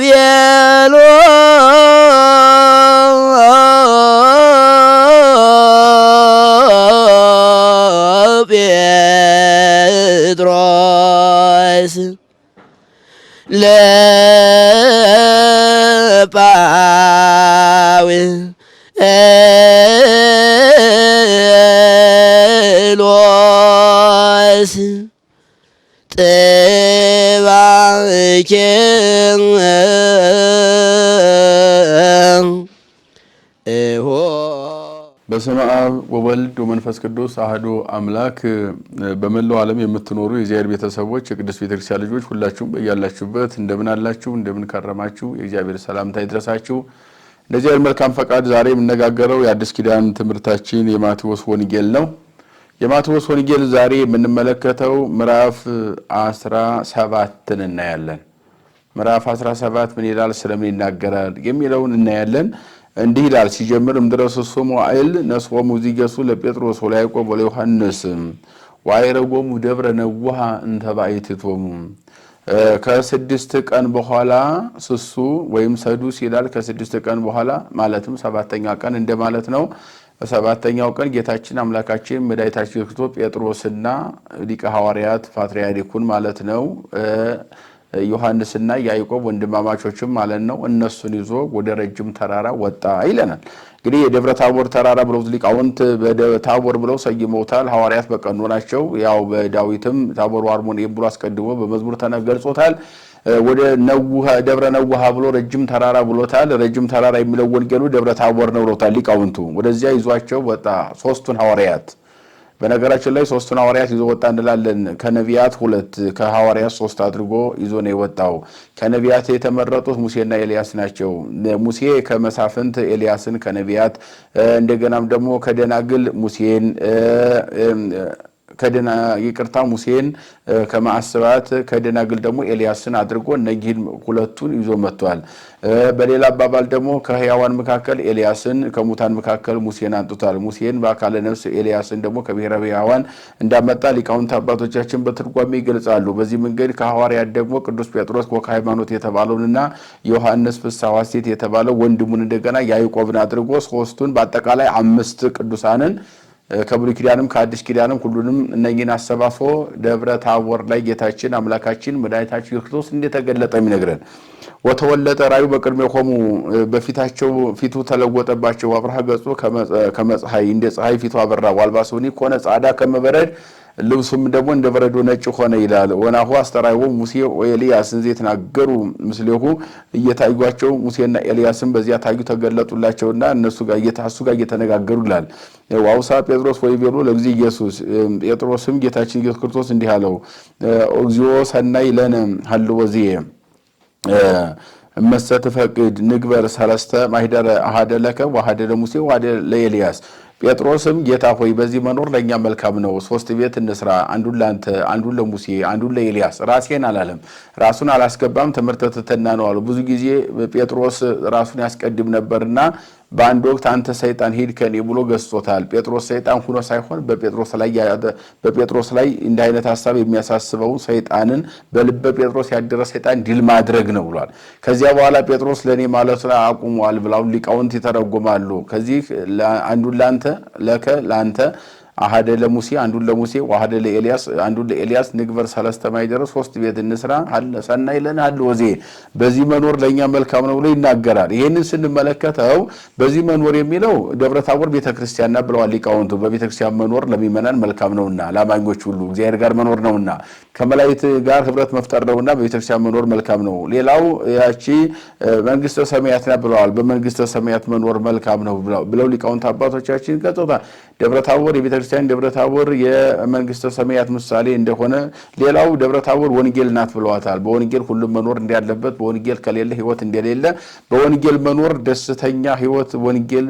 ቤሎ ጴጥሮስ ለጳዊ ሎስ በስመ አብ ወወልድ ወመንፈስ ቅዱስ አህዶ አምላክ። በመላው ዓለም የምትኖሩ የእግዚአብሔር ቤተሰቦች የቅዱስ ቤተክርስቲያን ልጆች ሁላችሁም በያላችሁበት እንደምን አላችሁ? እንደምን ከረማችሁ? የእግዚአብሔር ሰላምታ ይድረሳችሁ። እንደ መልካም ፈቃድ ዛሬ የምነጋገረው የአዲስ ኪዳን ትምህርታችን የማቴዎስ ወንጌል ነው። የማቴዎስ ወንጌል ዛሬ የምንመለከተው ምዕራፍ 17 እናያለን። ምዕራፍ 17 ምን ይላል፣ ስለምን ይናገራል የሚለውን እናያለን። እንዲህ ይላል ሲጀምር እምድረስሶሙ አይል ነስቆሙ ዚገሱ ለጴጥሮስ ወለያዕቆብ ወለዮሐንስ ዋይረጎሙ ደብረ ነውሃ እንተባይትቶሙ ከስድስት ቀን በኋላ ስሱ ወይም ሰዱስ ይላል። ከስድስት ቀን በኋላ ማለትም ሰባተኛ ቀን እንደማለት ነው። በሰባተኛው ቀን ጌታችን አምላካችን መድኃኒታችን ክርስቶስ ጴጥሮስና ሊቀ ሐዋርያት ፓትርያርኩን ማለት ነው ዮሐንስና ያዕቆብ ወንድማማቾችም ማለት ነው እነሱን ይዞ ወደ ረጅም ተራራ ወጣ ይለናል። እንግዲህ የደብረ ታቦር ተራራ ብለው ሊቃውንት ታቦር ብለው ሰይመውታል። ሐዋርያት በቀኑ ናቸው። ያው በዳዊትም ታቦር ዋርሞን ብሎ አስቀድሞ በመዝሙር ተነገልጾታል። ወደ ደብረ ነውሃ ብሎ ረጅም ተራራ ብሎታል። ረጅም ተራራ የሚለው ወንጌሉ ደብረ ታቦር ነው ብሎታል ሊቃውንቱ። ወደዚያ ይዟቸው ወጣ ሶስቱን ሐዋርያት። በነገራችን ላይ ሶስቱን ሐዋርያት ይዞ ወጣ እንላለን። ከነቢያት ሁለት ከሐዋርያት ሶስት አድርጎ ይዞ ነው የወጣው። ከነቢያት የተመረጡት ሙሴና ኤልያስ ናቸው። ሙሴ ከመሳፍንት ኤልያስን፣ ከነቢያት እንደገናም ደግሞ ከደናግል ሙሴን ይቅርታ ሙሴን ከማዕስባት ከደናግል ደግሞ ኤልያስን አድርጎ እነዚህን ሁለቱን ይዞ መጥቷል። በሌላ አባባል ደግሞ ከህያዋን መካከል ኤልያስን ከሙታን መካከል ሙሴን አንጥቷል። ሙሴን በአካለ ነፍስ ኤልያስን ደግሞ ከብሔረ ህያዋን እንዳመጣ ሊቃውንት አባቶቻችን በትርጓሜ ይገልጻሉ። በዚህ መንገድ ከሐዋርያት ደግሞ ቅዱስ ጴጥሮስ ኮከ ሃይማኖት የተባለውንና ዮሐንስ ፍስሐ ዋሴት የተባለው ወንድሙን እንደገና ያዕቆብን አድርጎ ሶስቱን በአጠቃላይ አምስት ቅዱሳንን ከብሉይ ኪዳንም ከአዲስ ኪዳንም ሁሉንም እነኝን አሰባስቦ ደብረ ታቦር ላይ ጌታችን አምላካችን መድኃኒታችን ክርስቶስ እንደተገለጠ የሚነግረን ወተወለጠ ራዩ በቅድሜ ቆሙ በፊታቸው ፊቱ ተለወጠባቸው አብርሃ ገጹ ከመፀሐይ እንደ ፀሐይ ፊቱ አበራ ዋልባሶኒ ኮነ ጻዳ ከመበረድ ልብሱም ደግሞ እንደ በረዶ ነጭ ሆነ ይላል። ወናሁ አስተራይቦ ሙሴ ወኤልያስ እንዘ የተናገሩ ምስሌሁ እየታዩቸው ሙሴና ኤልያስም በዚያ ታዩ ተገለጡላቸውና እነሱ ጋር እሱ ጋር እየተነጋገሩ እየተነጋገሩላል። ዋውሳ ጴጥሮስ ወይ ቤሎ ለጊዜ ኢየሱስ ጴጥሮስም ጌታችን ኢየሱስ ክርስቶስ እንዲህ አለው እግዚኦ ሰናይ ለነ ሀልወዚ እመሰ ትፈቅድ ንግበር ሰለስተ ማሂደረ አሐደ ለከ ወአሐደ ለሙሴ ወአሐደ ለኤልያስ። ጴጥሮስም ጌታ ሆይ በዚህ መኖር ለእኛ መልካም ነው፣ ሶስት ቤት እንስራ፣ አንዱን ለአንተ፣ አንዱን ለሙሴ፣ አንዱን ለኤልያስ። ራሴን አላለም፣ ራሱን አላስገባም። ትምህርተ ትሕትና ነው አሉ። ብዙ ጊዜ ጴጥሮስ ራሱን ያስቀድም ነበርና በአንድ ወቅት አንተ ሰይጣን ሂድ ከኔ ብሎ ገዝቶታል። ጴጥሮስ ሰይጣን ሁኖ ሳይሆን በጴጥሮስ ላይ እንደ አይነት ሀሳብ የሚያሳስበው ሰይጣንን በልበ ጴጥሮስ ያደረ ሰይጣን ድል ማድረግ ነው ብሏል። ከዚያ በኋላ ጴጥሮስ ለእኔ ማለቱ አቁሟል ብላው ሊቃውንት ይተረጉማሉ። ከዚህ አንዱን ለአንተ ለከ ለአንተ አሀደ ለሙሴ አንዱን ለሙሴ ወአሀደ ለኤልያስ አንዱን ለኤልያስ ንግበር ሰለስተ ማኅደረ ሶስት ቤት እንስራ አለ ሰናይ ለነ አለ ወዜ በዚህ መኖር ለእኛ መልካም ነው ብሎ ይናገራል። ይህንን ስንመለከተው በዚህ መኖር የሚለው ደብረ ታቦር ቤተክርስቲያን ብለዋል ሊቃውንቱ። በቤተክርስቲያን መኖር ለሚመናን መልካም ነውና፣ ለአማኞች ሁሉ እግዚአብሔር ጋር መኖር ነውና ከመላእክት ጋር ህብረት መፍጠር ነውና በቤተክርስቲያን መኖር መልካም ነው። ሌላው ያቺ መንግስተ ሰማያት ና ብለዋል። በመንግስተ ሰማያት መኖር መልካም ነው ብለው ሊቃውንት አባቶቻችን ገልጾታል። ደብረታቦር የቤተክርስቲያን ደብረታቦር የመንግስተ ሰማያት ምሳሌ እንደሆነ፣ ሌላው ደብረታቦር ወንጌል ናት ብለዋታል። በወንጌል ሁሉም መኖር እንዳለበት፣ በወንጌል ከሌለ ህይወት እንደሌለ፣ በወንጌል መኖር ደስተኛ ህይወት ወንጌል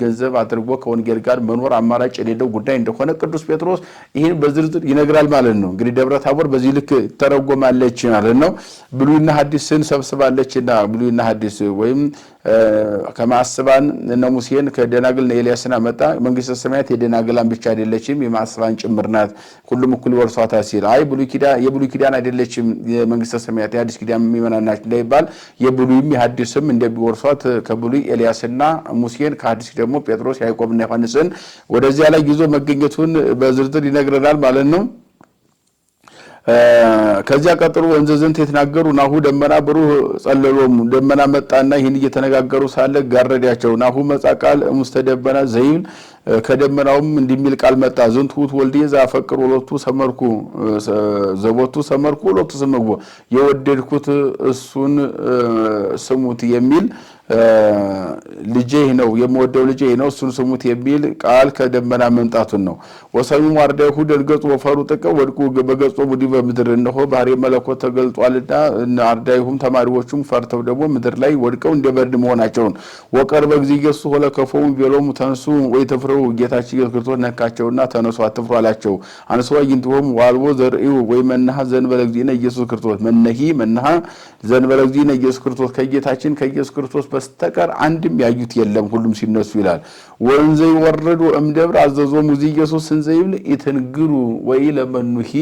ገንዘብ አድርጎ ከወንጌል ጋር መኖር አማራጭ የሌለው ጉዳይ እንደሆነ ቅዱስ ጴጥሮስ ይህን በዝርዝር ይነግራል ማለት ነው እንግዲህ ታቦር በዚህ ልክ ተረጎማለች ማለት ነው። ብሉይና ሐዲስን ሰብስባለችና ብሉይና ሐዲስ ወይም ከማስባን እነ ሙሴን ከደናግልና ኤልያስን አመጣ። መንግስተ ሰማያት የደናግላን ብቻ አይደለችም የማስባን ጭምር ናት፣ ሁሉም እኩል ወርሷታ ሲል አይ የብሉይ ኪዳን አይደለችም የመንግስተ ሰማያት የሐዲስ ኪዳን የሚመናናች እንዳይባል የብሉይም የሐዲስም እንደሚወርሷት ከብሉይ ኤልያስና ሙሴን ከሐዲስ ደግሞ ጴጥሮስ ያዕቆብና ዮሐንስን ወደዚያ ላይ ይዞ መገኘቱን በዝርዝር ይነግረናል ማለት ነው። ከዚያ ቀጥሎ ወንዘ ዝንት የተናገሩ ናሁ ደመና ብሩህ ጸለሎሙ ደመና መጣና ይህን እየተነጋገሩ ሳለ ጋረዳቸው። ናሁ መጻ ቃል እሙስተ ደመና ዘይን ከደመናውም እንዲሚል ቃል መጣ። ዝንቱ ውእቱ ወልድየ ዘአፈቅር ወሎቱ ሰመርኩ ዘቦቱ ሰመርኩ ወሎቱ ስምዕዎ የወደድኩት እሱን ስሙት የሚል ልጄ ነው የምወደው ልጄ ነው እሱን ስሙት የሚል ቃል ከደመና መምጣቱን ነው። ወሰሚዑ አርዳኢሁ ደንገጹ ወፈሩ ጥቀ ወድቁ በገጾ ሙዲ በምድር እነሆ ባሕርየ መለኮት ተገልጧልና አርዳይሁም ተማሪዎቹም ፈርተው ደግሞ ምድር ላይ ወድቀው እንደ በርድ መሆናቸውን ወቀርበ ጊዜ ገሱ ሆለ ከፎሙ ቤሎሙ ተንሱ ወይ ተፍረው ጌታችን ኢየሱስ ክርስቶስ ነካቸውና ተነሱ አትፍሩ አላቸው። አንሶ ይንትሆሙ ዋልቦ ዘርእዩ ወይ መናሃ ዘንበለ ጊዜነ ኢየሱስ ክርስቶስ መነሂ መናሃ ዘንበለ ጊዜነ ኢየሱስ ክርስቶስ ከጌታችን ከኢየሱስ ክርስቶስ በስተቀር አንድም ያዩት የለም ሁሉም ሲነሱ ይላል። ወእንዘ ይወረዱ እምደብር አዘዞሙ ኢየሱስ እንዘ ይብል ኢትንግሩ ወኢለመኑሂ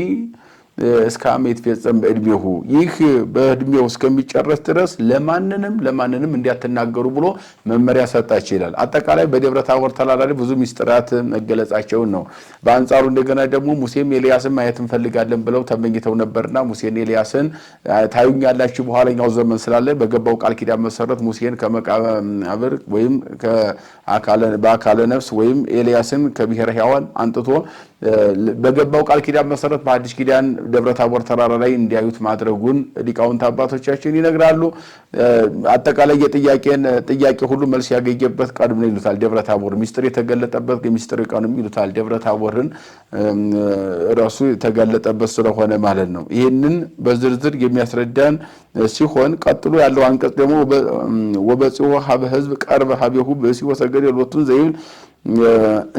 እስከ አመ ፈጸም በእድሜሁ ይህ በእድሜው እስከሚጨረስ ድረስ ለማንንም ለማንንም እንዲያትናገሩ ብሎ መመሪያ ሰጣቸው ይላል። አጠቃላይ በደብረ ታቦር ተላላሪ ብዙ ሚስጥራት መገለጻቸውን ነው። በአንጻሩ እንደገና ደግሞ ሙሴም ኤልያስን ማየት እንፈልጋለን ብለው ተመኝተው ነበርና ሙሴን ኤልያስን ታዩኛላችሁ በኋላኛው ዘመን ስላለ በገባው ቃል ኪዳን መሰረት ሙሴን ከመቃብር ወይም በአካለ ነፍስ ወይም ኤልያስን ከብሔረ ሕያዋን አንጥቶ በገባው ቃል ኪዳን መሰረት በአዲስ ኪዳን ደብረ ታቦር ተራራ ላይ እንዲያዩት ማድረጉን ሊቃውንት አባቶቻችን ይነግራሉ። አጠቃላይ የጥያቄን ጥያቄ ሁሉ መልስ ያገኘበት ቀድም ምን ይሉታል? ደብረ ታቦር ሚስጥር የተገለጠበት ሚስጥር ቀንም ይሉታል። ደብረ ታቦርን ራሱ የተገለጠበት ስለሆነ ማለት ነው። ይህንን በዝርዝር የሚያስረዳን ሲሆን ቀጥሎ ያለው አንቀጽ ደግሞ ወበጽሖ ሀበ ህዝብ ቀርበ ሀቤሁ ብእሲሁ ወሰገደ ሎቱን ዘይብል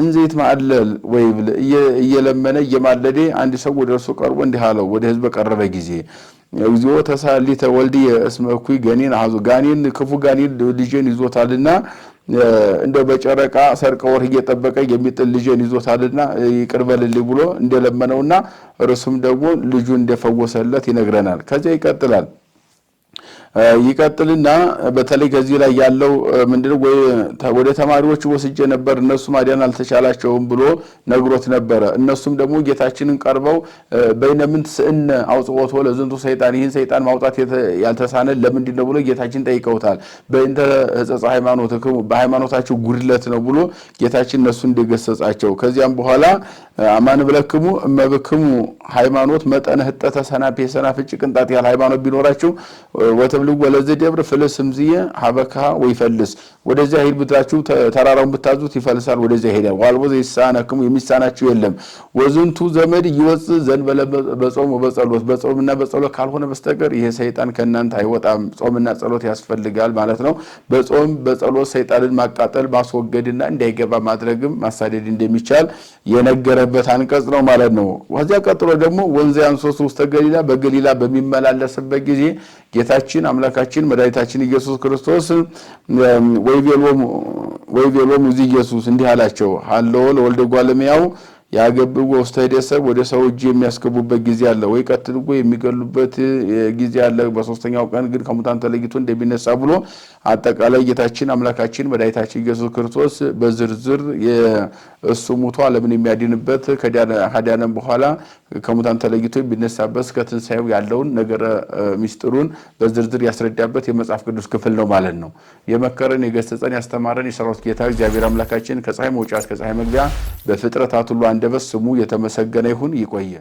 እንዘይት ማዕለል ወይ እየለመነ እየማለዴ አንድ ሰው ወደ እርሱ ቀርቦ እንዲህ አለው። ወደ ህዝብ ቀረበ ጊዜ እግዚኦ ተሳሊተ ወልድየ እስመ እኩይ ገኔን አሐዞ ጋኔን ክፉ ጋኔን ልጄን ይዞታልና እንደ በጨረቃ ሰርቀ ወርህ እየጠበቀ የሚጥል ልጄን ይዞታልና ይቅር በልልኝ ብሎ እንደለመነውና እርሱም ደግሞ ልጁ እንደፈወሰለት ይነግረናል። ከዚያ ይቀጥላል። ይቀጥልና በተለይ ከዚህ ላይ ያለው ምንድነው ወደ ተማሪዎች ወስጄ ነበር እነሱ ማዳን አልተቻላቸውም ብሎ ነግሮት ነበረ። እነሱም ደግሞ ጌታችንን ቀርበው በይነምንት ስእነ አውጽቦት ለዝንቱ ሰይጣን ይህን ሰይጣን ማውጣት ያልተሳነ ለምንድን ነው ብሎ ጌታችን ጠይቀውታል። በእንተ ሕጸጸ ሃይማኖት በሃይማኖታቸው ጉድለት ነው ብሎ ጌታችን እነሱ እንደገሰጻቸው ከዚያም በኋላ አማን ብለክሙ እመብክሙ ሃይማኖት መጠነ ህጠተ ሰናፌ ሰናፍጭ ቅንጣት ያህል ሃይማኖት ቢኖራቸው ተብልዎ ወለዘ ደብር ፍልስም ዝየ ሀበካ ወይፈልስ፣ ወደዚያ ሂድ ብትላችሁ ተራራውን ብታዙት ይፈልሳል፣ ወደዚያ ይሄዳል። ዋልቦ ዘይሳነክሙ የሚሳናችሁ የለም። ወዝንቱ ዘመድ ይወፅ ዘንበለ በጾም ወበጸሎት፣ በጾምና በጸሎት ካልሆነ በስተቀር ይሄ ሰይጣን ከእናንተ አይወጣም። ጾምና ጸሎት ያስፈልጋል ማለት ነው። በጾም በጸሎት ሰይጣንን ማቃጠል ማስወገድና እንዳይገባ ማድረግም ማሳደድ እንደሚቻል የነገረበት አንቀጽ ነው ማለት ነው። ከዚያ ቀጥሎ ደግሞ ወንዘ ያንሶስ ውስተ ገሊላ በገሊላ በሚመላለስበት ጊዜ ጌታችን አምላካችን መድኃኒታችን ኢየሱስ ክርስቶስ ወይቤሎሙ ወይቤሎሙ ኢየሱስ እንዲህ አላቸው ሀሎ ለወልደ እጓለ እመሕያው ያገብው ውስተ እደ ወደ ሰው እጅ የሚያስገቡበት ጊዜ አለ ወይ ቀትልጎ የሚገሉበት ጊዜ አለ። በሶስተኛው ቀን ግን ከሙታን ተለይቶ እንደሚነሳ ብሎ አጠቃላይ ጌታችን አምላካችን መድኃኒታችን ኢየሱስ ክርስቶስ በዝርዝር እሱ ሙቶ ዓለምን የሚያድንበት ከዳነም በኋላ ከሙታን ተለይቶ የሚነሳበት እስከ ትንሣኤው ያለውን ነገረ ሚስጥሩን በዝርዝር ያስረዳበት የመጽሐፍ ቅዱስ ክፍል ነው ማለት ነው። የመከረን የገሰጸን ያስተማረን የሰራዊት ጌታ እግዚአብሔር አምላካችን ከፀሐይ መውጫ እስከ ፀሐይ መግቢያ በፍጥረታት ሁሉ አንደበት ስሙ የተመሰገነ ይሁን። ይቆየን።